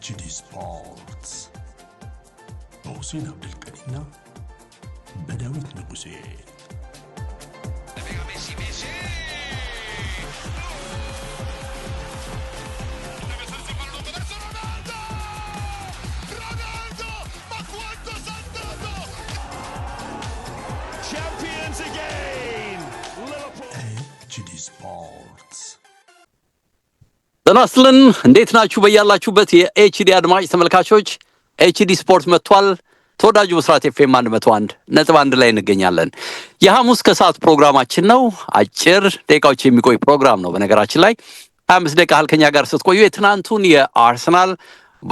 تشيلي سبورتس محسن عبد الكريم بداوت نبوسيل ጤና ይስጥልን እንዴት ናችሁ? በያላችሁበት የኤችዲ አድማጭ ተመልካቾች ኤችዲ ስፖርት መጥቷል። ተወዳጁ ብስራት ኤፍኤም 101 ነጥብ አንድ ላይ እንገኛለን። የሐሙስ ከሰዓት ፕሮግራማችን ነው። አጭር ደቂቃዎች የሚቆይ ፕሮግራም ነው። በነገራችን ላይ 25 ደቂቃ ያህል ከኛ ጋር ስትቆዩ የትናንቱን የአርሰናል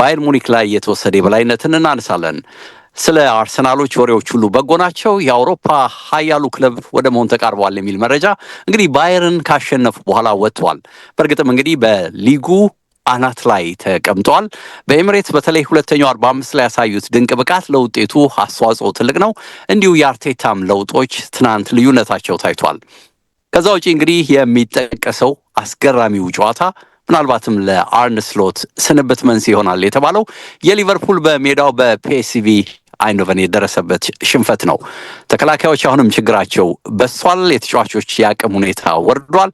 ባየር ሙኒክ ላይ የተወሰደ የበላይነትን እናነሳለን። ስለ አርሰናሎች ወሬዎች ሁሉ በጎ ናቸው። የአውሮፓ ሀያሉ ክለብ ወደ መሆን ተቃርቧል የሚል መረጃ እንግዲህ ባየርን ካሸነፉ በኋላ ወጥቷል። በእርግጥም እንግዲህ በሊጉ አናት ላይ ተቀምጠዋል። በኤምሬት በተለይ ሁለተኛው አምስት ላይ ያሳዩት ድንቅ ብቃት ለውጤቱ አስተዋጽኦ ትልቅ ነው። እንዲሁ የአርቴታም ለውጦች ትናንት ልዩነታቸው ታይቷል። ከዛ ውጪ እንግዲህ የሚጠቀሰው አስገራሚው ጨዋታ ምናልባትም ለአርነ ስሎት ስንብት መንስኤ ይሆናል የተባለው የሊቨርፑል በሜዳው በፒኤስቪ አይንዶቨን የደረሰበት ሽንፈት ነው። ተከላካዮች አሁንም ችግራቸው በሷል። የተጫዋቾች የአቅም ሁኔታ ወርዷል።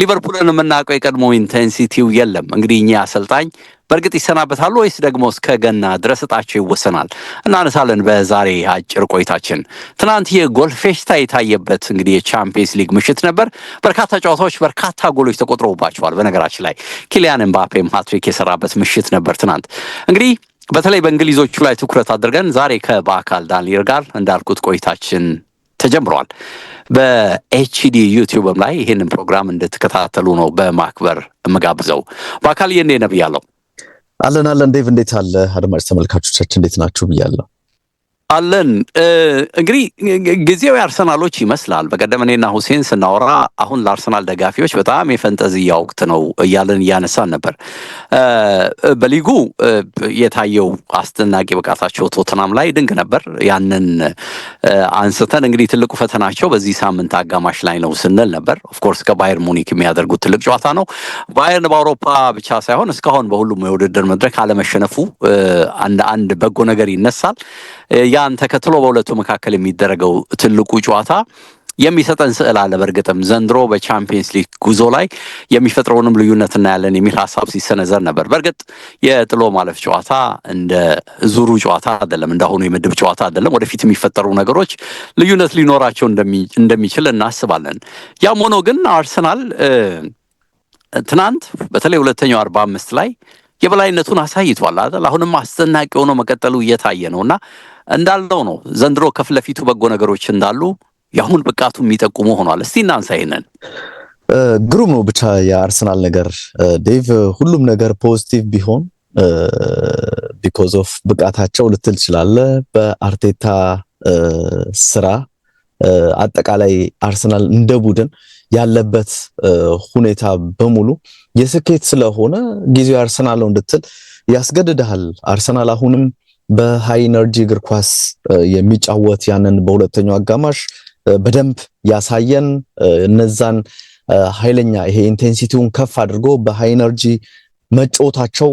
ሊቨርፑልን የምናውቀው የቀድሞ ኢንቴንሲቲው የለም። እንግዲህ እኛ አሰልጣኝ በእርግጥ ይሰናበታሉ ወይስ ደግሞ እስከ ገና ድረስ እጣቸው ይወሰናል? እናነሳለን በዛሬ አጭር ቆይታችን። ትናንት የጎል ፌሽታ የታየበት እንግዲህ የቻምፒየንስ ሊግ ምሽት ነበር። በርካታ ጨዋታዎች፣ በርካታ ጎሎች ተቆጥረውባቸዋል። በነገራችን ላይ ኪሊያን ኤምባፔም ሃትሪክ የሰራበት ምሽት ነበር ትናንት እንግዲህ በተለይ በእንግሊዞቹ ላይ ትኩረት አድርገን ዛሬ ከበአካል ዳንሊር ጋር እንዳልኩት ቆይታችን ተጀምሯል። በኤችዲ ዩቲዩብም ላይ ይህንን ፕሮግራም እንድትከታተሉ ነው በማክበር የምጋብዘው። በአካል የኔ ነብያለው አለን አለን ዴቭ እንዴት አለ? አድማጭ ተመልካቾቻችን እንዴት ናችሁ ብያለሁ። አለን እንግዲህ ጊዜው የአርሰናሎች ይመስላል። በቀደም እኔና ሁሴን ስናወራ አሁን ለአርሰናል ደጋፊዎች በጣም የፈንጠዝያ ወቅት ነው እያለን እያነሳን ነበር። በሊጉ የታየው አስደናቂ ብቃታቸው ቶተናም ላይ ድንቅ ነበር። ያንን አንስተን እንግዲህ ትልቁ ፈተናቸው በዚህ ሳምንት አጋማሽ ላይ ነው ስንል ነበር። ኦፍኮርስ ከባየር ሙኒክ የሚያደርጉት ትልቅ ጨዋታ ነው። ባየርን በአውሮፓ ብቻ ሳይሆን እስካሁን በሁሉም የውድድር መድረክ አለመሸነፉ አንድ አንድ በጎ ነገር ይነሳል። ያን ተከትሎ በሁለቱ መካከል የሚደረገው ትልቁ ጨዋታ የሚሰጠን ስዕል አለ። በእርግጥም ዘንድሮ በቻምፒየንስ ሊግ ጉዞ ላይ የሚፈጥረውንም ልዩነት እናያለን የሚል ሀሳብ ሲሰነዘር ነበር። በእርግጥ የጥሎ ማለፍ ጨዋታ እንደ ዙሩ ጨዋታ አይደለም፣ እንዳሁኑ የምድብ ጨዋታ አይደለም። ወደፊት የሚፈጠሩ ነገሮች ልዩነት ሊኖራቸው እንደሚችል እናስባለን። ያም ሆኖ ግን አርሰናል ትናንት በተለይ ሁለተኛው አርባ አምስት ላይ የበላይነቱን አሳይቷል አሁንም አስደናቂ ሆኖ መቀጠሉ እየታየ እና እንዳለው ነው። ዘንድሮ ከፍለፊቱ በጎ ነገሮች እንዳሉ የአሁን ብቃቱ የሚጠቁሙ ሆኗል። እስቲ እናንሳ ይሄንን። ግሩም ነው ብቻ የአርሰናል ነገር ዴቭ፣ ሁሉም ነገር ፖዚቲቭ ቢሆን ቢኮዝ ኦፍ ብቃታቸው ልትል ይችላል። በአርቴታ ስራ አጠቃላይ አርሰናል እንደ ቡድን ያለበት ሁኔታ በሙሉ የስኬት ስለሆነ ጊዜው አርሰናል ነው እንድትል ያስገድድሃል። አርሰናል አሁንም በሃይ ኢነርጂ እግር ኳስ የሚጫወት ያንን በሁለተኛው አጋማሽ በደንብ ያሳየን እነዛን ኃይለኛ ይሄ ኢንቴንሲቲውን ከፍ አድርጎ በሃይ ኢነርጂ መጫወታቸው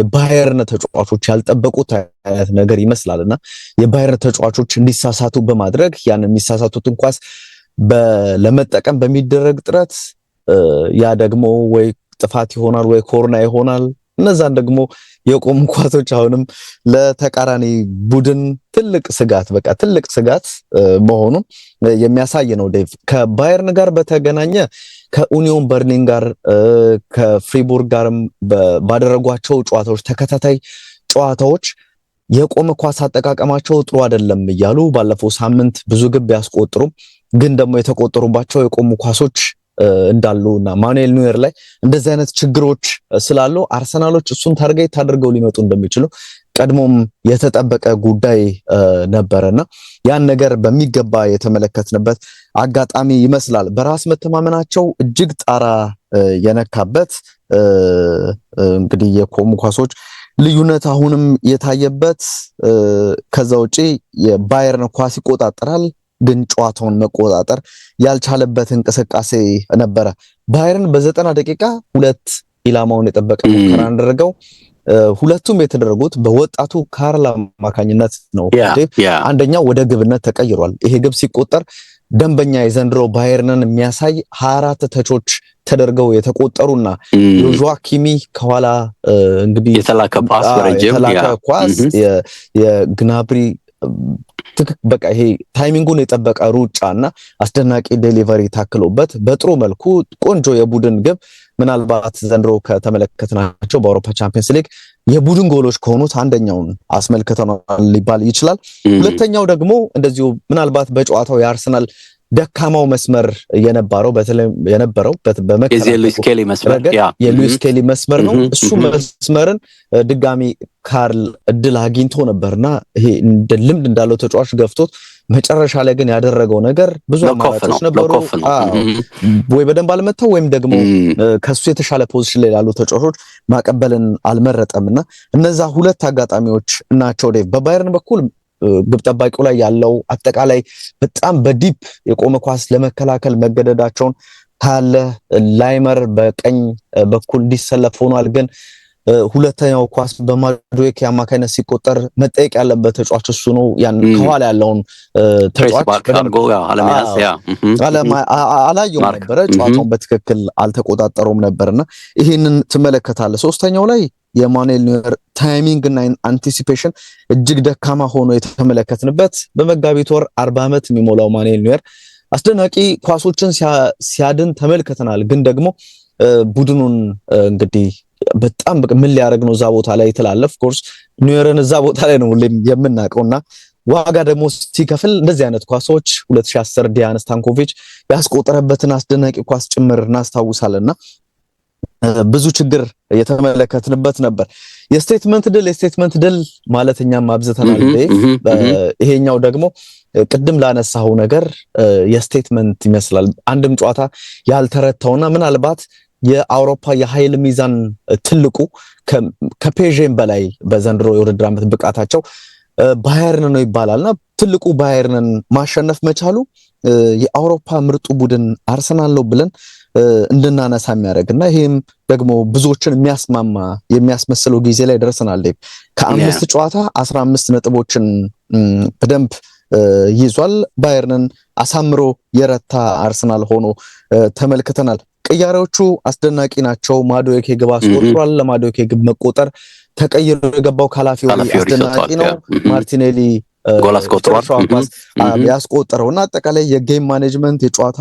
የባየርን ተጫዋቾች ያልጠበቁት አይነት ነገር ይመስላልና የባየርን ተጫዋቾች እንዲሳሳቱ በማድረግ ያን የሚሳሳቱትን ኳስ ለመጠቀም በሚደረግ ጥረት ያ ደግሞ ወይ ጥፋት ይሆናል ወይ ኮርና ይሆናል እነዛን ደግሞ የቆሙ ኳሶች አሁንም ለተቃራኒ ቡድን ትልቅ ስጋት በቃ ትልቅ ስጋት መሆኑን የሚያሳይ ነው። ዴቭ ከባየርን ጋር በተገናኘ ከኡኒዮን በርሊን ጋር ከፍሪቡርግ ጋርም ባደረጓቸው ጨዋታዎች ተከታታይ ጨዋታዎች የቆመ ኳስ አጠቃቀማቸው ጥሩ አይደለም እያሉ ባለፈው ሳምንት ብዙ ግብ ያስቆጥሩም ግን ደግሞ የተቆጠሩባቸው የቆሙ ኳሶች እንዳሉ እና ማኑኤል ኑየር ላይ እንደዚህ አይነት ችግሮች ስላሉ አርሰናሎች እሱን ታርጌት አድርገው ሊመጡ እንደሚችሉ ቀድሞም የተጠበቀ ጉዳይ ነበረና ያን ነገር በሚገባ የተመለከትንበት አጋጣሚ ይመስላል። በራስ መተማመናቸው እጅግ ጣራ የነካበት እንግዲህ የቆሙ ኳሶች ልዩነት አሁንም የታየበት ከዛ ውጪ የባየርን ኳስ ይቆጣጠራል ግን ጨዋታውን መቆጣጠር ያልቻለበት እንቅስቃሴ ነበረ። ባየርን በዘጠና ደቂቃ ሁለት ኢላማውን የጠበቀ ሙከራ አደረገው። ሁለቱም የተደረጉት በወጣቱ ካርል አማካኝነት ነው። አንደኛው ወደ ግብነት ተቀይሯል። ይሄ ግብ ሲቆጠር ደንበኛ የዘንድሮ ባየርንን የሚያሳይ ሀያ አራት ተቾች ተደርገው የተቆጠሩና የዦዋ ኪሚ ከኋላ እንግዲህ የተላከ ኳስ የግናብሪ በቃ ይሄ ታይሚንጉን የጠበቀ ሩጫ እና አስደናቂ ዴሊቨሪ ታክሎበት በጥሩ መልኩ ቆንጆ የቡድን ግብ ምናልባት ዘንድሮ ከተመለከትናቸው በአውሮፓ ቻምፒየንስ ሊግ የቡድን ጎሎች ከሆኑት አንደኛውን አስመልክተናል ሊባል ይችላል። ሁለተኛው ደግሞ እንደዚሁ ምናልባት በጨዋታው የአርሰናል ደካማው መስመር የነበረው በተለይ የነበረው የሉዊስ ኬሊ መስመር ነው። እሱ መስመርን ድጋሚ ካርል እድል አግኝቶ ነበርና ይሄ ልምድ እንዳለው ተጫዋች ገፍቶት መጨረሻ ላይ ግን ያደረገው ነገር ብዙ አማራጮች ነበሩ። ወይ በደንብ አልመታው ወይም ደግሞ ከሱ የተሻለ ፖዚሽን ላይ ላሉ ተጫዋቾች ማቀበልን አልመረጠም እና እነዛ ሁለት አጋጣሚዎች ናቸው ዴቭ በባየርን በኩል ግብ ጠባቂው ላይ ያለው አጠቃላይ በጣም በዲፕ የቆመ ኳስ ለመከላከል መገደዳቸውን ታለ ላይመር በቀኝ በኩል እንዲሰለፍ ሆኗል። ግን ሁለተኛው ኳስ በማዶዌክ አማካኝነት ሲቆጠር መጠየቅ ያለበት ተጫዋች እሱ ነው። ያን ከኋላ ያለውን ተጫዋች አላየውም ነበረ፣ ጨዋታውን በትክክል አልተቆጣጠረውም ነበርና ይህንን ትመለከታለ። ሶስተኛው ላይ የማኑኤል ኒውየር ታይሚንግ እና አንቲሲፔሽን እጅግ ደካማ ሆኖ የተመለከትንበት በመጋቢት ወር አርባ ዓመት የሚሞላው ማኑኤል ኖየር አስደናቂ ኳሶችን ሲያድን ተመልክተናል። ግን ደግሞ ቡድኑን እንግዲህ በጣም ምን ሊያደርግ ነው እዛ ቦታ ላይ የተላለፍ ኮርስ ኖየርን እዛ ቦታ ላይ ነው ሁሌም የምናውቀው እና ዋጋ ደግሞ ሲከፍል እንደዚህ አይነት ኳሶች 2010 ዲያን ስታንኮቪች ያስቆጠረበትን አስደናቂ ኳስ ጭምር እናስታውሳለንና ብዙ ችግር የተመለከትንበት ነበር። የስቴትመንት ድል የስቴትመንት ድል ማለት እኛም አብዝተናል። ይሄኛው ደግሞ ቅድም ላነሳው ነገር የስቴትመንት ይመስላል። አንድም ጨዋታ ያልተረታውና ምናልባት የአውሮፓ የኃይል ሚዛን ትልቁ ከፔዥም በላይ በዘንድሮ የውድድር ዓመት ብቃታቸው ባየርን ነው ይባላልና ትልቁ ባየርንን ማሸነፍ መቻሉ የአውሮፓ ምርጡ ቡድን አርሰናል ነው ብለን እንድናነሳ የሚያደርግ እና ይህም ደግሞ ብዙዎችን የሚያስማማ የሚያስመስለው ጊዜ ላይ ደርሰናል። ከአምስት ጨዋታ አስራ አምስት ነጥቦችን በደንብ ይዟል። ባየርንን አሳምሮ የረታ አርሰናል ሆኖ ተመልክተናል። ቅያሬዎቹ አስደናቂ ናቸው። ማዶኬ ግብ አስቆጥሯል። ለማዶኬ ግብ መቆጠር ተቀይሮ የገባው ካላፊዮሪ አስደናቂ ነው። ማርቲኔሊ ጎል አስቆጥሯል ያስቆጠረው እና አጠቃላይ የጌም ማኔጅመንት የጨዋታ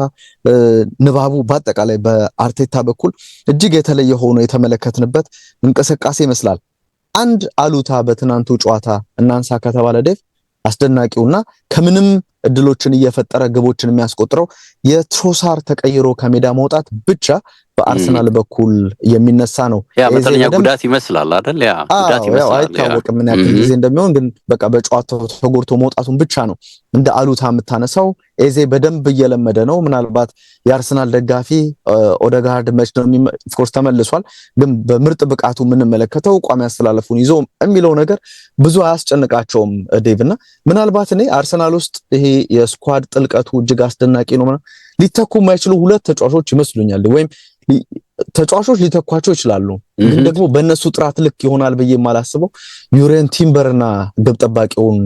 ንባቡ በአጠቃላይ በአርቴታ በኩል እጅግ የተለየ ሆኖ የተመለከትንበት እንቅስቃሴ ይመስላል። አንድ አሉታ በትናንቱ ጨዋታ እናንሳ ከተባለ ዴፍ አስደናቂውና ከምንም እድሎችን እየፈጠረ ግቦችን የሚያስቆጥረው የትሮሳር ተቀይሮ ከሜዳ መውጣት ብቻ በአርሰናል በኩል የሚነሳ ነው። መጠነኛ ጉዳት ይመስላል አይደል? ጉዳት ይመስላል አይታወቅም ምን ያክል ጊዜ እንደሚሆን ግን በቃ በጨዋታው ተጎድቶ መውጣቱን ብቻ ነው እንደ አሉታ የምታነሳው። ኤዜ በደንብ እየለመደ ነው። ምናልባት የአርሰናል ደጋፊ ኦደጋርድ መች ነው ኦፍኮርስ ተመልሷል፣ ግን በምርጥ ብቃቱ የምንመለከተው ቋሚ አስተላለፉን ይዞ የሚለው ነገር ብዙ አያስጨንቃቸውም ዴቭ እና ምናልባት እኔ አርሰናል ውስጥ ይሄ የስኳድ ጥልቀቱ እጅግ አስደናቂ ነው ሊተኩ የማይችሉ ሁለት ተጫዋቾች ይመስሉኛል ወይም ተጫዋቾች ሊተኳቸው ይችላሉ፣ ግን ደግሞ በእነሱ ጥራት ልክ ይሆናል ብዬ የማላስበው ዩሬን ቲምበርና ግብ ጠባቂውን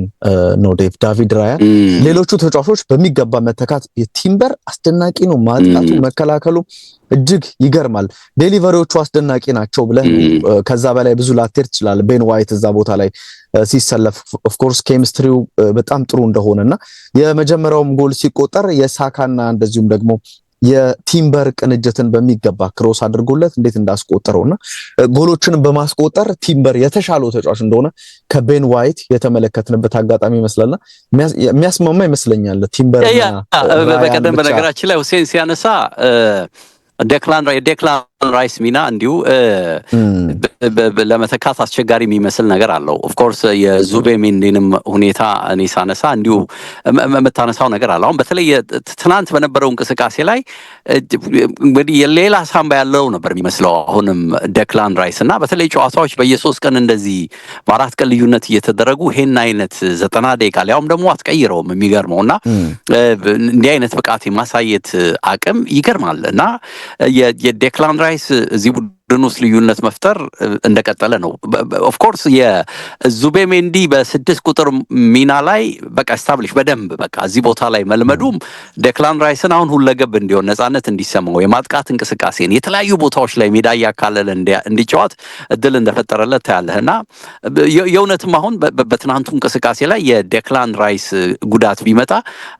ነው ዴቭ ዳቪድ ራያ። ሌሎቹ ተጫዋቾች በሚገባ መተካት የቲምበር አስደናቂ ነው፣ ማጥቃቱ መከላከሉ እጅግ ይገርማል። ዴሊቨሪዎቹ አስደናቂ ናቸው ብለህ ከዛ በላይ ብዙ ላቴር ትችላለህ። ቤን ዋይት እዛ ቦታ ላይ ሲሰለፍ ኦፍኮርስ ኬሚስትሪው በጣም ጥሩ እንደሆነ እና የመጀመሪያውም ጎል ሲቆጠር የሳካና እንደዚሁም ደግሞ የቲምበር ቅንጅትን በሚገባ ክሮስ አድርጎለት እንዴት እና ጎሎችንም በማስቆጠር ቲምበር የተሻለው ተጫዋች እንደሆነ ከቤን ዋይት የተመለከትንበት አጋጣሚ ይመስላልና የሚያስማማ ይመስለኛል። ቲምበር በቀደም በነገራችን ላይ ሁሴን ሲያነሳ ዴክላን ራይስ ሚና እንዲሁ ለመተካት አስቸጋሪ የሚመስል ነገር አለው። ኦፍኮርስ የዙቤ ሜንዴንም ሁኔታ እኔ ሳነሳ እንዲሁ የምታነሳው ነገር አለ። አሁን በተለይ ትናንት በነበረው እንቅስቃሴ ላይ እንግዲህ የሌላ ሳምባ ያለው ነበር የሚመስለው አሁንም ደክላን ራይስ እና በተለይ ጨዋታዎች በየሶስት ቀን እንደዚህ በአራት ቀን ልዩነት እየተደረጉ ይሄን አይነት ዘጠና ደቂቃ ሊያውም ደግሞ አትቀይረውም የሚገርመው እና እንዲህ አይነት ብቃት የማሳየት አቅም ይገርማል እና የዴክላን ራይስ እዚህ የቡድን ውስጥ ልዩነት መፍጠር እንደቀጠለ ነው። ኦፍኮርስ የዙቤሜንዲ በስድስት ቁጥር ሚና ላይ በቃ ስታብሊሽ በደንብ በቃ እዚህ ቦታ ላይ መልመዱም ዴክላን ራይስን አሁን ሁለገብ እንዲሆን ነፃነት እንዲሰማው የማጥቃት እንቅስቃሴን የተለያዩ ቦታዎች ላይ ሜዳ እያካለለ እንዲጫወት እድል እንደፈጠረለት ታያለህ እና የእውነትም አሁን በትናንቱ እንቅስቃሴ ላይ የዴክላን ራይስ ጉዳት ቢመጣ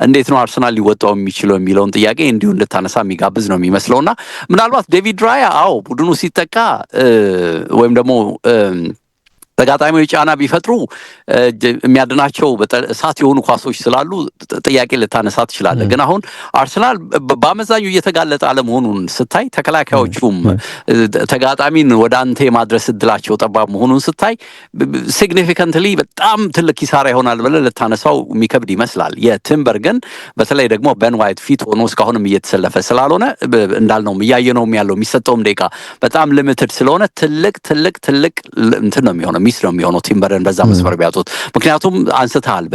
እንዴት ነው አርሰናል ሊወጣው የሚችለው የሚለውን ጥያቄ እንዲሁ እንድታነሳ የሚጋብዝ ነው የሚመስለውና ምናልባት ዴቪድ ራያ አዎ ቡድኑ ሲጠቃ ወይም ደግሞ ተጋጣሚዎች ጫና ቢፈጥሩ የሚያድናቸው እሳት የሆኑ ኳሶች ስላሉ ጥያቄ ልታነሳ ትችላለ። ግን አሁን አርሰናል በአመዛኙ እየተጋለጠ አለመሆኑን ስታይ፣ ተከላካዮቹም ተጋጣሚን ወደ አንተ የማድረስ እድላቸው ጠባብ መሆኑን ስታይ ሲግኒፊካንትሊ በጣም ትልቅ ኪሳራ ይሆናል ብለህ ልታነሳው የሚከብድ ይመስላል። የቲምበር ግን በተለይ ደግሞ በን ዋይት ፊት ሆኖ እስካሁንም እየተሰለፈ ስላልሆነ እንዳልነውም እያየነውም ያለው የሚሰጠውም ደቂቃ በጣም ልምትድ ስለሆነ ትልቅ ትልቅ ትልቅ እንትን ነው የሚሆነው ሚስ ነው የሚሆነው ቲምበርን በዛ መስመር ቢያጡት። ምክንያቱም አንስተሃል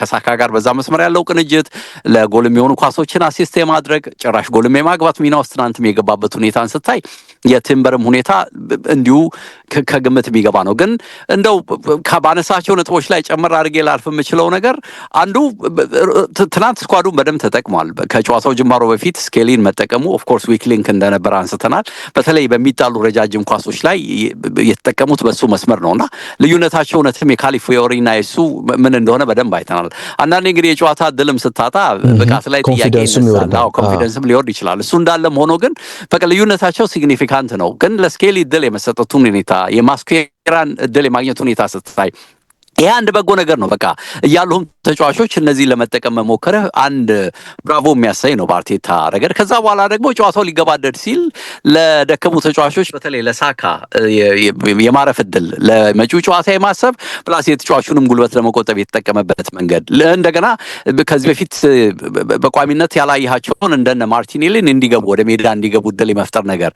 ከሳካ ጋር በዛ መስመር ያለው ቅንጅት ለጎል የሚሆኑ ኳሶችን አሲስት የማድረግ ጭራሽ ጎልም የማግባት ሚና ውስጥ ትናንትም የገባበት ሁኔታ አንስታይ የቲምበርም ሁኔታ እንዲሁ ከግምት የሚገባ ነው። ግን እንደው ባነሳቸው ነጥቦች ላይ ጨምር አድርጌ ላልፍ የምችለው ነገር አንዱ ትናንት ስኳዱን በደንብ ተጠቅሟል። ከጨዋታው ጅማሮ በፊት ስኬሊን መጠቀሙ ኦፍኮርስ ዊክ ሊንክ አንስተናል። በተለይ በሚጣሉ ረጃጅም ኳሶች ላይ የተጠቀሙት በሱ መስመር ነው እና ልዩነታቸው እውነትም የካሊፊዮሪና የሱ ምን እንደሆነ በደንብ አይተናል። አንዳንዴ እንግዲህ የጨዋታ ድልም ስታጣ ብቃት ላይ ጥያቄ ይነሳል፣ ኮንፊደንስም ሊወርድ ይችላል። እሱ እንዳለም ሆኖ ግን በቃ ልዩነታቸው ሲግኒፊካ ኢምፖርታንት ነው። ግን ለስኬሊ እድል የመሰጠቱን ሁኔታ የማስኩራን እድል የማግኘት ሁኔታ ስትታይ ይሄ አንድ በጎ ነገር ነው። በቃ እያሉም ተጫዋቾች እነዚህ ለመጠቀም መሞከረ አንድ ብራቮ የሚያሳይ ነው በአርቴታ ረገድ። ከዛ በኋላ ደግሞ ጨዋታው ሊገባደድ ሲል ለደከሙ ተጫዋቾች በተለይ ለሳካ የማረፍ እድል ለመጪው ጨዋታ የማሰብ ፕላስ የተጫዋቹንም ጉልበት ለመቆጠብ የተጠቀመበት መንገድ እንደገና ከዚህ በፊት በቋሚነት ያላየሃቸውን እንደነ ማርቲኔሊን እንዲገቡ ወደ ሜዳ እንዲገቡ እድል የመፍጠር ነገር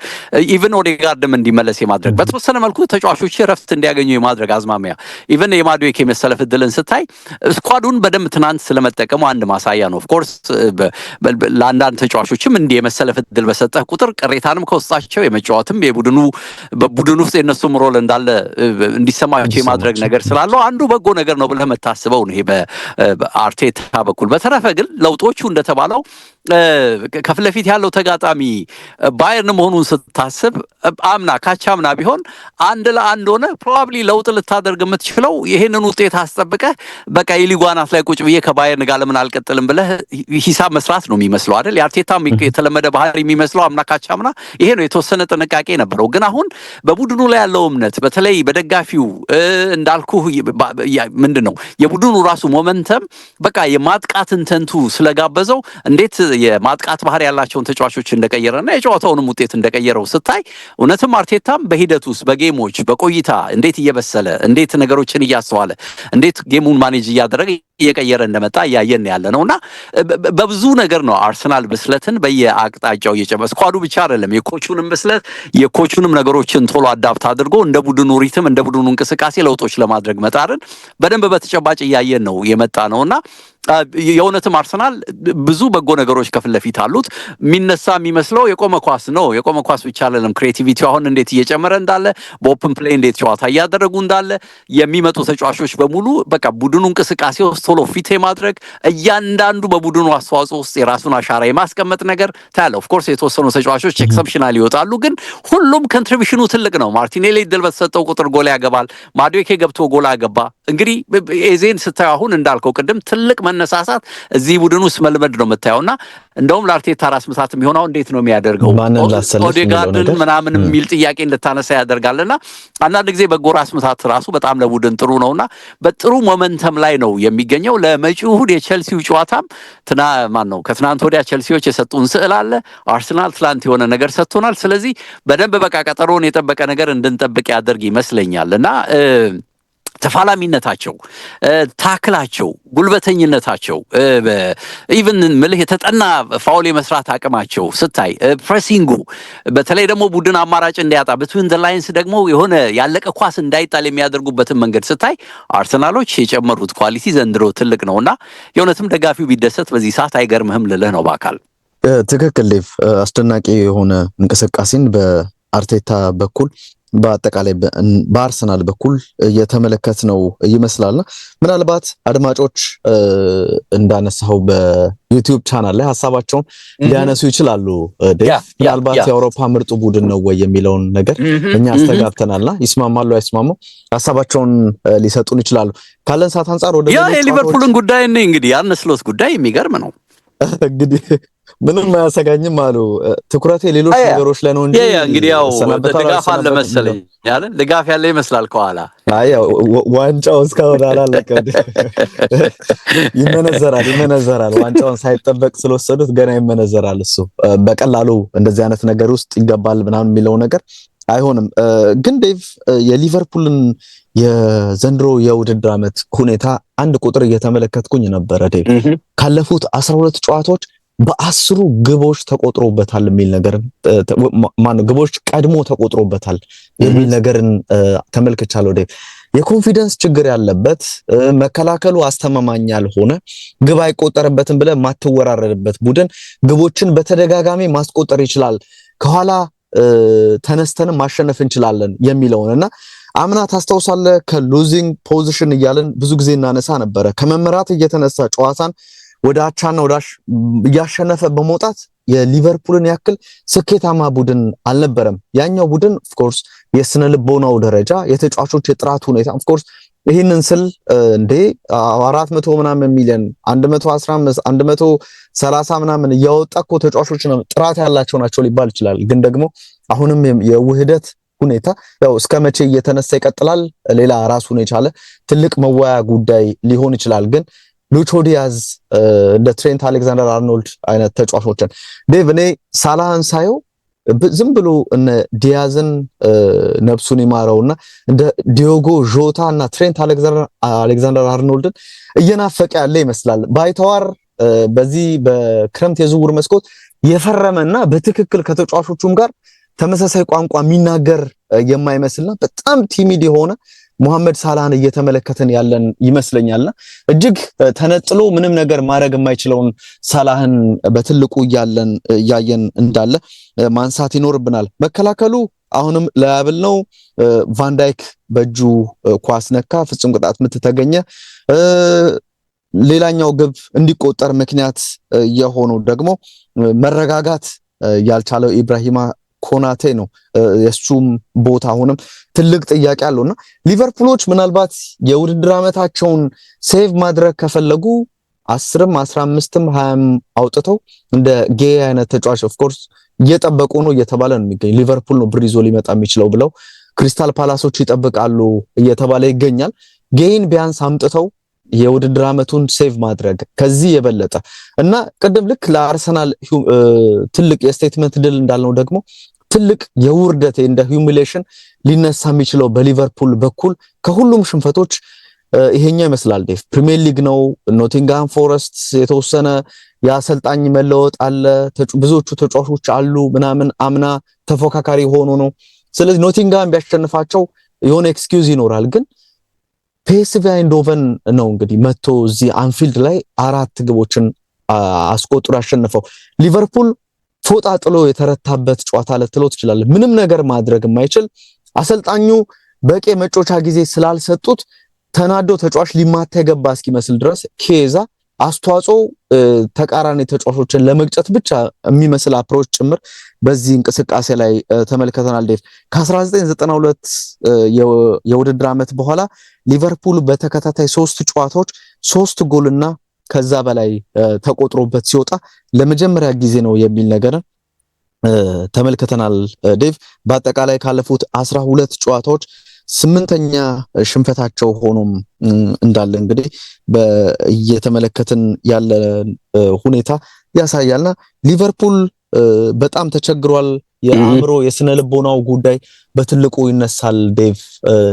ኢቨን ኦዴጋርድም እንዲመለስ የማድረግ በተወሰነ መልኩ ተጫዋቾች ረፍት እንዲያገኙ የማድረግ አዝማሚያ ኢቨን የማዶ ቤክ የመሰለፍ እድልን ስታይ ስኳዱን በደንብ ትናንት ስለመጠቀሙ አንድ ማሳያ ነው። ኦፍኮርስ ለአንዳንድ ተጫዋቾችም እንዲህ የመሰለፍ እድል በሰጠህ ቁጥር ቅሬታንም ከውስጣቸው የመጫወትም የቡድኑ በቡድኑ ውስጥ የእነሱም ሮል እንዳለ እንዲሰማቸው የማድረግ ነገር ስላለው አንዱ በጎ ነገር ነው ብለህ መታስበው ነው ይሄ በአርቴታ በኩል። በተረፈ ግን ለውጦቹ እንደተባለው ከፊት ለፊት ያለው ተጋጣሚ ባየርን መሆኑን ስታስብ አምና ካቻምና ቢሆን አንድ ለአንድ ሆነ ፕሮባብሊ ለውጥ ልታደርግ የምትችለው ይህን ያንን ውጤት አስጠብቀ በቃ የሊጓናት ላይ ቁጭ ብዬ ከባየርን ጋር ለምን አልቀጥልም ብለህ ሂሳብ መስራት ነው የሚመስለው አይደል? የአርቴታ የተለመደ ባህሪ የሚመስለው አምናካቻ ምና ይሄ ነው። የተወሰነ ጥንቃቄ ነበረው፣ ግን አሁን በቡድኑ ላይ ያለው እምነት በተለይ በደጋፊው እንዳልኩህ ምንድን ነው የቡድኑ ራሱ ሞመንተም በቃ የማጥቃት እንተንቱ ስለጋበዘው እንዴት የማጥቃት ባህሪ ያላቸውን ተጫዋቾች እንደቀየረና የጨዋታውንም ውጤት እንደቀየረው ስታይ እውነትም አርቴታም በሂደት ውስጥ በጌሞች በቆይታ እንዴት እየበሰለ እንዴት ነገሮችን እያስተዋለ አለ። እንዴት ጌሙን ማኔጅ እያደረገ እየቀየረ እንደመጣ እያየን ያለ ነው እና በብዙ ነገር ነው አርሰናል ብስለትን በየአቅጣጫው እየጨመረ ስኳዱ ብቻ አይደለም የኮቹንም ብስለት የኮቹንም ነገሮችን ቶሎ አዳፕት አድርጎ እንደ ቡድኑ ሪትም እንደ ቡድኑ እንቅስቃሴ ለውጦች ለማድረግ መጣርን በደንብ በተጨባጭ እያየን ነው የመጣ ነውና የእውነትም አርሰናል ብዙ በጎ ነገሮች ከፊት ለፊት አሉት። የሚነሳ የሚመስለው የቆመ ኳስ ነው። የቆመ ኳስ ብቻ አይደለም። ክሬቲቪቲ አሁን እንዴት እየጨመረ እንዳለ፣ በኦፕን ፕሌይ እንዴት ጨዋታ እያደረጉ እንዳለ የሚመጡ ተጫዋቾች በሙሉ በቃ ቡድኑ እንቅስቃሴ ውስጥ ቶሎ ፊት ማድረግ እያንዳንዱ በቡድኑ አስተዋጽኦ ውስጥ የራሱን አሻራ የማስቀመጥ ነገር ታያለ። ኦፍኮርስ የተወሰኑ ተጫዋቾች ኤክሰፕሽናል ይወጣሉ፣ ግን ሁሉም ኮንትሪቢሽኑ ትልቅ ነው። ማርቲኔሊ ድል በተሰጠው ቁጥር ጎላ ያገባል። ማዶኬ ገብቶ ጎላ አገባ። እንግዲህ ኤዜን ስታየው አሁን እንዳልከው ቅድም ትልቅ መነሳሳት እዚህ ቡድን ውስጥ መልመድ ነው የምታየውና እንደውም ለአርቴታ ራስ ምታት የሚሆነው እንዴት ነው የሚያደርገው ኦዴጋርድን ምናምን የሚል ጥያቄ እንድታነሳ ያደርጋልና አንዳንድ ጊዜ በጎ ራስ ምታት ራሱ በጣም ለቡድን ጥሩ ነውና በጥሩ ሞመንተም ላይ ነው የሚገኘው። ለመጪው የቸልሲው ጨዋታም ትና ማን ነው ከትናንት ወዲያ ቸልሲዎች የሰጡን ስዕል አለ። አርሰናል ትላንት የሆነ ነገር ሰጥቶናል። ስለዚህ በደንብ በቃ ቀጠሮን የጠበቀ ነገር እንድንጠብቅ ያደርግ ይመስለኛል እና ተፋላሚነታቸው፣ ታክላቸው፣ ጉልበተኝነታቸው ኢቨን ምልህ የተጠና ፋውል የመስራት አቅማቸው ስታይ ፕሬሲንጉ በተለይ ደግሞ ቡድን አማራጭ እንዳያጣ ብትዊን ዘ ላይንስ ደግሞ የሆነ ያለቀ ኳስ እንዳይጣል የሚያደርጉበትን መንገድ ስታይ አርሰናሎች የጨመሩት ኳሊቲ ዘንድሮ ትልቅ እና የእውነትም ደጋፊው ቢደሰት በዚህ ሰዓት አይገርምህም ልልህ ነው በአካል ትክክል ሌቭ አስደናቂ የሆነ እንቅስቃሴን በአርቴታ በኩል በአጠቃላይ በአርሰናል በኩል ነው ይመስላልና ምናልባት አድማጮች እንዳነሳው በዩቲዩብ ቻናል ላይ ሀሳባቸውን ሊያነሱ ይችላሉ። ምናልባት የአውሮፓ ምርጡ ቡድን ነው ወይ የሚለውን ነገር እኛ አስተጋብተናልና ይስማማሉ አይስማሙ ሀሳባቸውን ሊሰጡን ይችላሉ። ካለን ሰዓት አንጻር ወደ ያ የሊቨርፑልን ጉዳይ እኔ እንግዲህ ያነስሎት ጉዳይ የሚገርም ነው እንግዲህ ምንም አያሰጋኝም አሉ። ትኩረቴ ሌሎች ነገሮች ላይ ነው እንጂ እንግዲህ ያው ድጋፍ አለ መሰለኝ ያለ ድጋፍ ያለ ይመስላል ከኋላ። አይ ዋንጫው እስካሁን አላለቀ ይመነዘራል፣ ይመነዘራል። ዋንጫውን ሳይጠበቅ ስለወሰዱት ገና ይመነዘራል። እሱ በቀላሉ እንደዚህ አይነት ነገር ውስጥ ይገባል ምናምን የሚለው ነገር አይሆንም። ግን ዴቭ የሊቨርፑልን የዘንድሮ የውድድር ዓመት ሁኔታ አንድ ቁጥር እየተመለከትኩኝ ነበረ ዴቭ ካለፉት አስራ ሁለት ጨዋታዎች በአስሩ ግቦች ተቆጥሮበታል የሚል ነገር ማነው ግቦች ቀድሞ ተቆጥሮበታል የሚል ነገርን ተመልክቻለሁ። ዴቭ የኮንፊደንስ ችግር ያለበት መከላከሉ አስተማማኝ ያልሆነ ግብ አይቆጠርበትም ብለ ማትወራረድበት ቡድን ግቦችን በተደጋጋሚ ማስቆጠር ይችላል ከኋላ ተነስተን ማሸነፍ እንችላለን የሚለውን እና አምና ታስታውሳለህ ከሉዚንግ ፖዚሽን እያለን ብዙ ጊዜ እናነሳ ነበረ ከመመራት እየተነሳ ጨዋታን ወደ አቻና ወዳሽ እያሸነፈ በመውጣት የሊቨርፑልን ያክል ስኬታማ ቡድን አልነበረም። ያኛው ቡድን ኦፍኮርስ የስነ ልቦናው ደረጃ የተጫዋቾች የጥራት ሁኔታ ኦፍኮርስ ይህንን ስል እንዴ አራት መቶ ምናምን ሚሊዮን አንድ መቶ አስራ አምስት አንድ መቶ ሰላሳ ምናምን እያወጣ እኮ ተጫዋቾች ጥራት ያላቸው ናቸው ሊባል ይችላል። ግን ደግሞ አሁንም የውህደት ሁኔታ ያው እስከ መቼ እየተነሳ ይቀጥላል ሌላ ራሱን የቻለ ትልቅ መወያ ጉዳይ ሊሆን ይችላል ግን ሉቾ ዲያዝ እንደ ትሬንት አሌክዛንደር አርኖልድ አይነት ተጫዋቾችን ዴቭ እኔ ሳላህን ሳየው ዝም ብሎ እነ ዲያዝን ነብሱን እና እንደ ዲዮጎ ዦታ እና ትሬንት አሌክዛንደር አርኖልድን እየናፈቀ ያለ ይመስላል። ባይተዋር በዚህ በክረምት የዝውውር መስኮት የፈረመ እና በትክክል ከተጫዋቾቹም ጋር ተመሳሳይ ቋንቋ የሚናገር የማይመስልና በጣም ቲሚድ የሆነ ሙሐመድ ሳላህን እየተመለከተን ያለን ይመስለኛልና እጅግ ተነጥሎ ምንም ነገር ማድረግ የማይችለውን ሳላህን በትልቁ እያለን እያየን እንዳለ ማንሳት ይኖርብናል። መከላከሉ አሁንም ለያብል ነው። ቫንዳይክ በእጁ ኳስ ነካ፣ ፍጹም ቅጣት ምት ተገኘ። ሌላኛው ግብ እንዲቆጠር ምክንያት የሆኑ ደግሞ መረጋጋት ያልቻለው ኢብራሂማ ኮናቴ ነው። የእሱም ቦታ አሁንም ትልቅ ጥያቄ አለው እና ሊቨርፑሎች ምናልባት የውድድር ዓመታቸውን ሴቭ ማድረግ ከፈለጉ አስርም አስራ አምስትም ሀያም አውጥተው እንደ ጌ አይነት ተጫዋች ኦፍኮርስ እየጠበቁ ነው እየተባለ ነው የሚገኝ ሊቨርፑል ነው ብሪዞ ሊመጣ የሚችለው ብለው ክሪስታል ፓላሶች ይጠብቃሉ እየተባለ ይገኛል። ጌይን ቢያንስ አምጥተው የውድድር ዓመቱን ሴቭ ማድረግ ከዚህ የበለጠ እና ቅድም ልክ ለአርሰናል ትልቅ የስቴትመንት ድል እንዳልነው ደግሞ ትልቅ የውርደት እንደ ሂዩሚሌሽን ሊነሳ የሚችለው በሊቨርፑል በኩል ከሁሉም ሽንፈቶች ይሄኛው ይመስላል። ዴቭ ፕሪሚየር ሊግ ነው። ኖቲንግሃም ፎረስት የተወሰነ የአሰልጣኝ መለወጥ አለ፣ ብዙዎቹ ተጫዋቾች አሉ ምናምን አምና ተፎካካሪ ሆኖ ነው። ስለዚህ ኖቲንግሃም ቢያሸንፋቸው የሆነ ኤክስኪውዝ ይኖራል ግን ፒኤስቪ አይንዶቨን ነው እንግዲህ መቶ እዚህ አንፊልድ ላይ አራት ግቦችን አስቆጥሮ ያሸነፈው። ሊቨርፑል ፎጣ ጥሎ የተረታበት ጨዋታ ልትለው ትችላለ። ምንም ነገር ማድረግ የማይችል አሰልጣኙ በቂ መጮቻ ጊዜ ስላልሰጡት ተናዶ ተጫዋች ሊማታ የገባ እስኪመስል ድረስ ኬዛ አስተዋጽኦ ተቃራኒ ተጫዋቾችን ለመግጨት ብቻ የሚመስል አፕሮች ጭምር በዚህ እንቅስቃሴ ላይ ተመልከተናል። ዴቭ ከ1992 የውድድር ዓመት በኋላ ሊቨርፑል በተከታታይ ሶስት ጨዋታዎች ሶስት ጎልና ከዛ በላይ ተቆጥሮበት ሲወጣ ለመጀመሪያ ጊዜ ነው የሚል ነገር ተመልከተናል። ዴቭ በአጠቃላይ ካለፉት አስራ ሁለት ጨዋታዎች ስምንተኛ ሽንፈታቸው ሆኖም እንዳለ እንግዲህ እየተመለከትን ያለ ሁኔታ ያሳያልና ሊቨርፑል በጣም ተቸግሯል። የአእምሮ የስነ ልቦናው ጉዳይ በትልቁ ይነሳል። ዴቭ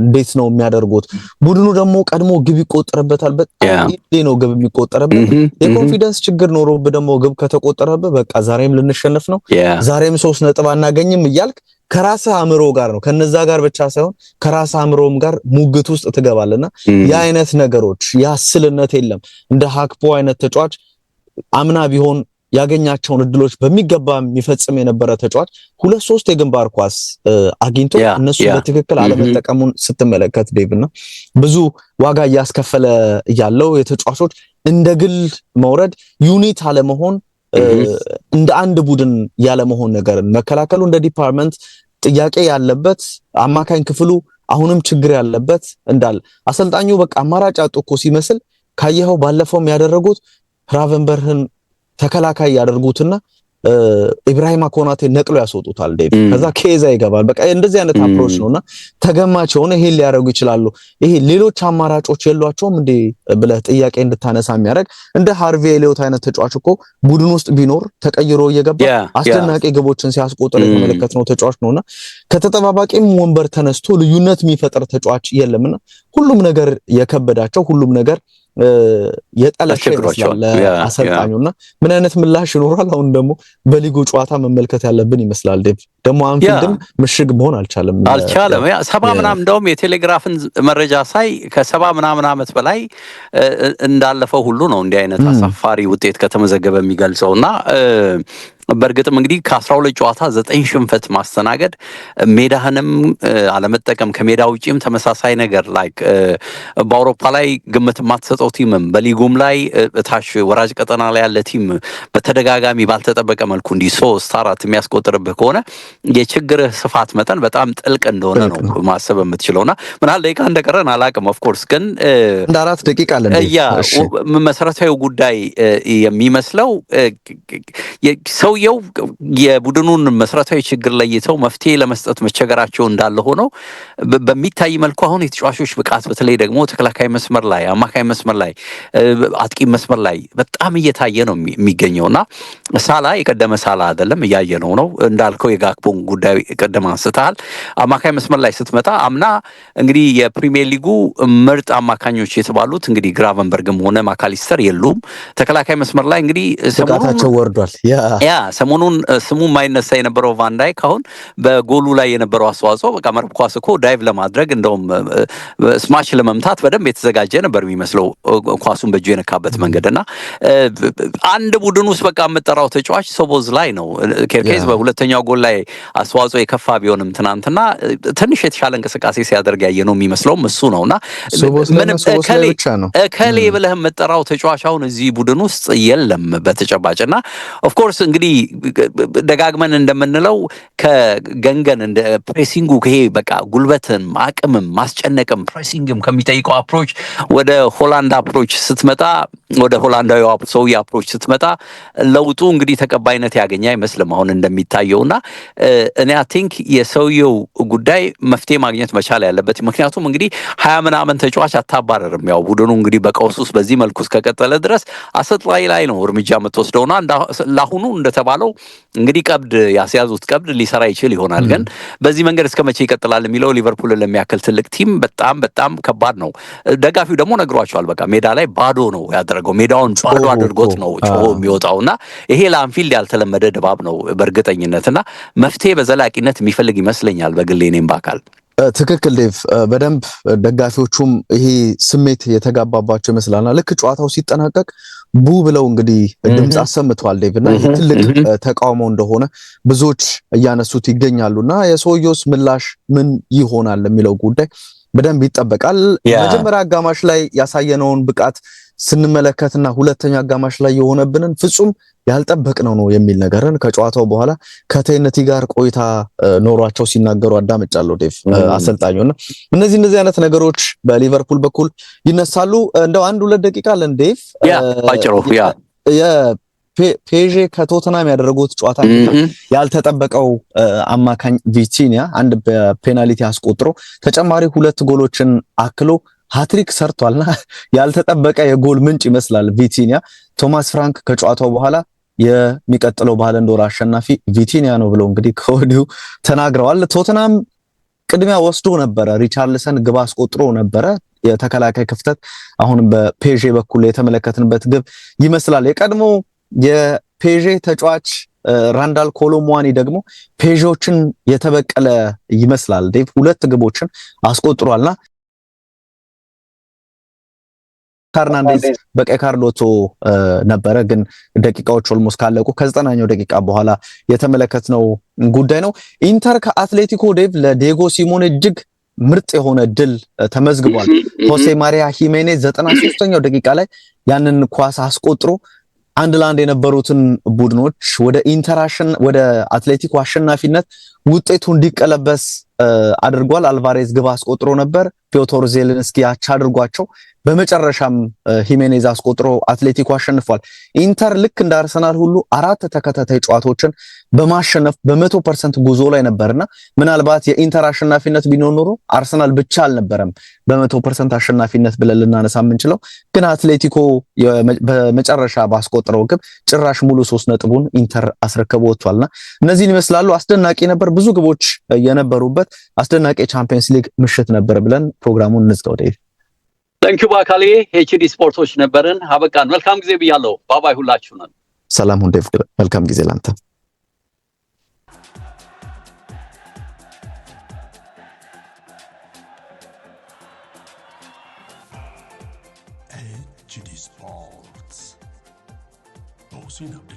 እንዴት ነው የሚያደርጉት? ቡድኑ ደግሞ ቀድሞ ግብ ይቆጠርበታል። በጣም ነው ግብ የሚቆጠርበት። የኮንፊደንስ ችግር ኖሮብህ ደግሞ ግብ ከተቆጠረብህ በቃ ዛሬም ልንሸነፍ ነው፣ ዛሬም ሶስት ነጥብ አናገኝም እያልክ ከራስ አእምሮ ጋር ነው ከነዛ ጋር ብቻ ሳይሆን ከራስ አእምሮም ጋር ሙግት ውስጥ ትገባለና ያ አይነት ነገሮች ያ ስልነት የለም። እንደ ሀክፖ አይነት ተጫዋች አምና ቢሆን ያገኛቸውን እድሎች በሚገባ የሚፈጽም የነበረ ተጫዋች ሁለት ሶስት የግንባር ኳስ አግኝቶ እነሱ በትክክል አለመጠቀሙን ስትመለከት ዴቭና ብዙ ዋጋ እያስከፈለ ያለው የተጫዋቾች እንደ ግል መውረድ ዩኒት አለመሆን እንደ አንድ ቡድን ያለመሆን ነገርን መከላከሉ እንደ ዲፓርትመንት ጥያቄ ያለበት አማካኝ ክፍሉ አሁንም ችግር ያለበት እንዳለ አሰልጣኙ በቃ አማራጭ አጡ እኮ ሲመስል ካየኸው ባለፈውም ያደረጉት ራቨንበርህን ተከላካይ ያደርጉትና ኢብራሂማ ኮናቴ ነቅሎ ያስወጡታል። ዴቪድ ከዛ ኬዛ ይገባል። በቃ እንደዚህ አይነት አፕሮች ነውና ተገማች የሆነ ይሄን ሊያደርጉ ይችላሉ። ይሄ ሌሎች አማራጮች የሏቸውም እንዴ ብለ ጥያቄ እንድታነሳ የሚያደርግ እንደ ሃርቪ ኤሊዮት አይነት ተጫዋች እኮ ቡድን ውስጥ ቢኖር ተቀይሮ እየገባ አስደናቂ ግቦችን ሲያስቆጥር ነው ተጫዋች ነውና ከተጠባባቂም ወንበር ተነስቶ ልዩነት የሚፈጥር ተጫዋች የለምና ሁሉም ነገር የከበዳቸው ሁሉም ነገር የጠላቸው ይመስላል አሰልጣኙ እና ምን አይነት ምላሽ ይኖራል? አሁን ደግሞ በሊጉ ጨዋታ መመልከት ያለብን ይመስላል። ዴቭ ደግሞ አንፊልድም ምሽግ መሆን አልቻለም አልቻለም። ያ ሰባ ምናምን እንደውም የቴሌግራፍን መረጃ ሳይ ከሰባ ምናምን ዓመት በላይ እንዳለፈው ሁሉ ነው እንዲህ አይነት አሳፋሪ ውጤት ከተመዘገበ የሚገልጸው እና በእርግጥም እንግዲህ ከአስራ ሁለት ጨዋታ ዘጠኝ ሽንፈት ማስተናገድ ሜዳህንም አለመጠቀም ከሜዳ ውጪም ተመሳሳይ ነገር ላይ በአውሮፓ ላይ ግምት የማትሰጠው ቲምም በሊጉም ላይ እታች ወራጅ ቀጠና ላይ ያለ ቲም በተደጋጋሚ ባልተጠበቀ መልኩ እንዲህ ሶስት አራት የሚያስቆጥርብህ ከሆነ የችግርህ ስፋት መጠን በጣም ጥልቅ እንደሆነ ነው ማሰብ የምትችለውና ምናል ደቂቃ እንደቀረን አላቅም። ኦፍኮርስ ግን እንደ አራት ደቂቃ አለ ያ መሰረታዊ ጉዳይ የሚመስለው ሰው ሰውየው የቡድኑን መሰረታዊ ችግር ለይተው መፍትሄ ለመስጠት መቸገራቸው እንዳለ ሆኖ በሚታይ መልኩ አሁን የተጫዋቾች ብቃት በተለይ ደግሞ ተከላካይ መስመር ላይ፣ አማካይ መስመር ላይ፣ አጥቂ መስመር ላይ በጣም እየታየ ነው የሚገኘው እና ሳላ የቀደመ ሳላ አይደለም እያየ ነው ነው እንዳልከው የጋክቦን ጉዳይ ቀደም አንስተሃል። አማካይ መስመር ላይ ስትመጣ አምና እንግዲህ የፕሪሚየር ሊጉ ምርጥ አማካኞች የተባሉት እንግዲህ ግራቨንበርግም ሆነ ማካሊስተር የሉም። ተከላካይ መስመር ላይ እንግዲህ ሰሞኑን ወርዷል ያ ሰሞኑን ስሙ የማይነሳ የነበረው ቫንዳይክ አሁን በጎሉ ላይ የነበረው አስተዋጽኦ በቃ መረብ ኳስ እኮ ዳይቭ ለማድረግ እንደውም ስማሽ ለመምታት በደንብ የተዘጋጀ ነበር የሚመስለው ኳሱን በእጁ የነካበት መንገድ እና አንድ ቡድን ውስጥ በቃ የምጠራው ተጫዋች ሶቦዝ ላይ ነው። ኬርኬዝ በሁለተኛው ጎል ላይ አስተዋጽኦ የከፋ ቢሆንም ትናንትና ትንሽ የተሻለ እንቅስቃሴ ሲያደርግ ያየ ነው የሚመስለውም እሱ ነው እና እከሌ ብለህ የምጠራው ተጫዋች አሁን እዚህ ቡድን ውስጥ የለም በተጨባጭ እና ኦፍኮርስ እንግዲህ እንግዲህ ደጋግመን እንደምንለው ከገንገን እንደ ፕሬሲንጉ ይሄ በቃ ጉልበትም አቅምም ማስጨነቅም ፕሬሲንግም ከሚጠይቀው አፕሮች ወደ ሆላንድ አፕሮች ስትመጣ ወደ ሆላንዳዊ ሰው አፕሮች ስትመጣ ለውጡ እንግዲህ ተቀባይነት ያገኘ አይመስልም አሁን እንደሚታየውና እኔ አይ ቲንክ የሰውየው ጉዳይ መፍትሄ ማግኘት መቻል ያለበት ምክንያቱም እንግዲህ ሀያ ምናምን ተጫዋች አታባረርም። ያው ቡድኑ እንግዲህ በቀውስ ውስጥ በዚህ መልኩ እስከቀጠለ ድረስ አሰጥ ላይ ላይ ነው እርምጃ የምትወስደውና ለአሁኑ እንደተ ከተባለው እንግዲህ ቀብድ ያስያዙት ቀብድ ሊሰራ ይችል ይሆናል። ግን በዚህ መንገድ እስከ መቼ ይቀጥላል የሚለው ሊቨርፑልን ለሚያክል ትልቅ ቲም በጣም በጣም ከባድ ነው። ደጋፊው ደግሞ ነግሯቸዋል። በቃ ሜዳ ላይ ባዶ ነው ያደረገው፣ ሜዳውን ባዶ አድርጎት ነው ጮሆ የሚወጣው እና ይሄ ለአንፊልድ ያልተለመደ ድባብ ነው በእርግጠኝነት እና መፍትሄ በዘላቂነት የሚፈልግ ይመስለኛል በግሌ እኔም በአካል ትክክል ዴቭ፣ በደንብ ደጋፊዎቹም ይሄ ስሜት የተጋባባቸው ይመስላልና ልክ ጨዋታው ሲጠናቀቅ ቡ ብለው እንግዲህ ድምፅ አሰምተዋል ዴቭ እና ይህ ትልቅ ተቃውሞ እንደሆነ ብዙዎች እያነሱት ይገኛሉ እና የሰውየውስ ምላሽ ምን ይሆናል የሚለው ጉዳይ በደንብ ይጠበቃል። መጀመሪያ አጋማሽ ላይ ያሳየነውን ብቃት ስንመለከትና ሁለተኛ አጋማሽ ላይ የሆነብንን ፍጹም ያልጠበቅነው ነው የሚል ነገርን ከጨዋታው በኋላ ከተይነቲ ጋር ቆይታ ኖሯቸው ሲናገሩ አዳምጫለሁ። ዴቭ አሰልጣኙ አሰልጣኙና እነዚህ እነዚህ አይነት ነገሮች በሊቨርፑል በኩል ይነሳሉ። እንደው አንድ ሁለት ደቂቃ አለን ዴቭ ባጭሩ ፔዤ ከቶተናም ያደረጉት ጨዋታ ያልተጠበቀው አማካኝ ቪቲኒያ አንድ በፔናልቲ አስቆጥሮ ተጨማሪ ሁለት ጎሎችን አክሎ ሃትሪክ ሰርቷልና ያልተጠበቀ የጎል ምንጭ ይመስላል ቪቲኒያ። ቶማስ ፍራንክ ከጨዋታው በኋላ የሚቀጥለው ባለን ዶር አሸናፊ ቪቲኒያ ነው ብለው እንግዲህ ከወዲሁ ተናግረዋል። ቶትናም ቅድሚያ ወስዶ ነበረ። ሪቻርልሰን ግብ አስቆጥሮ ነበረ። የተከላካይ ክፍተት አሁን በፔዤ በኩል የተመለከትንበት ግብ ይመስላል። የቀድሞ የፔዤ ተጫዋች ራንዳል ኮሎሙዋኒ ደግሞ ፔዦችን የተበቀለ ይመስላል። ሁለት ግቦችን አስቆጥሯልና ከርናንዴዝ በቀይ ካርድ ወጥቶ ነበረ፣ ግን ደቂቃዎች ኦልሞስ ካለቁ ከዘጠናኛው ደቂቃ በኋላ የተመለከትነው ጉዳይ ነው። ኢንተር ከአትሌቲኮ ዴቭ ለዴጎ ሲሞኔ እጅግ ምርጥ የሆነ ድል ተመዝግቧል። ሆሴ ማሪያ ሂሜኔዝ ዘጠና ሶስተኛው ደቂቃ ላይ ያንን ኳስ አስቆጥሮ አንድ ለአንድ የነበሩትን ቡድኖች ወደ ኢንተር ወደ አትሌቲኮ አሸናፊነት ውጤቱ እንዲቀለበስ አድርጓል። አልቫሬዝ ግብ አስቆጥሮ ነበር። ፒዮቶር ዜሌንስኪ አቻ አድርጓቸው፣ በመጨረሻም ሂሜኔዝ አስቆጥሮ አትሌቲኮ አሸንፏል። ኢንተር ልክ እንደ አርሰናል ሁሉ አራት ተከታታይ ጨዋታዎችን በማሸነፍ በመቶ ፐርሰንት ጉዞ ላይ ነበርና ምናልባት የኢንተር አሸናፊነት ቢኖር ኖሮ አርሰናል ብቻ አልነበረም በመቶ ፐርሰንት አሸናፊነት ብለን ልናነሳ የምንችለው። ግን አትሌቲኮ በመጨረሻ ባስቆጥረው ግብ ጭራሽ ሙሉ ሶስት ነጥቡን ኢንተር አስረክቦ ወጥቷልና እነዚህን ይመስላሉ። አስደናቂ ነበር። ብዙ ግቦች የነበሩበት አስደናቂ የቻምፒየንስ ሊግ ምሽት ነበር ብለን ፕሮግራሙን እንዝጋው። ዴቭ ተንኪዩ። በአካሌ ኤችዲ ስፖርቶች ነበርን። አበቃን። መልካም ጊዜ ብያለሁ። ባባይ ሁላችሁ ነን። ሰላም ሁን ዴቭ። መልካም ጊዜ ላንተ። ኤችዲ you know